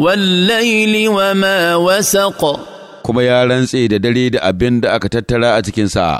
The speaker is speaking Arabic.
والليل وما وسق كما يا رنسي دا دري أكتتلا أتكين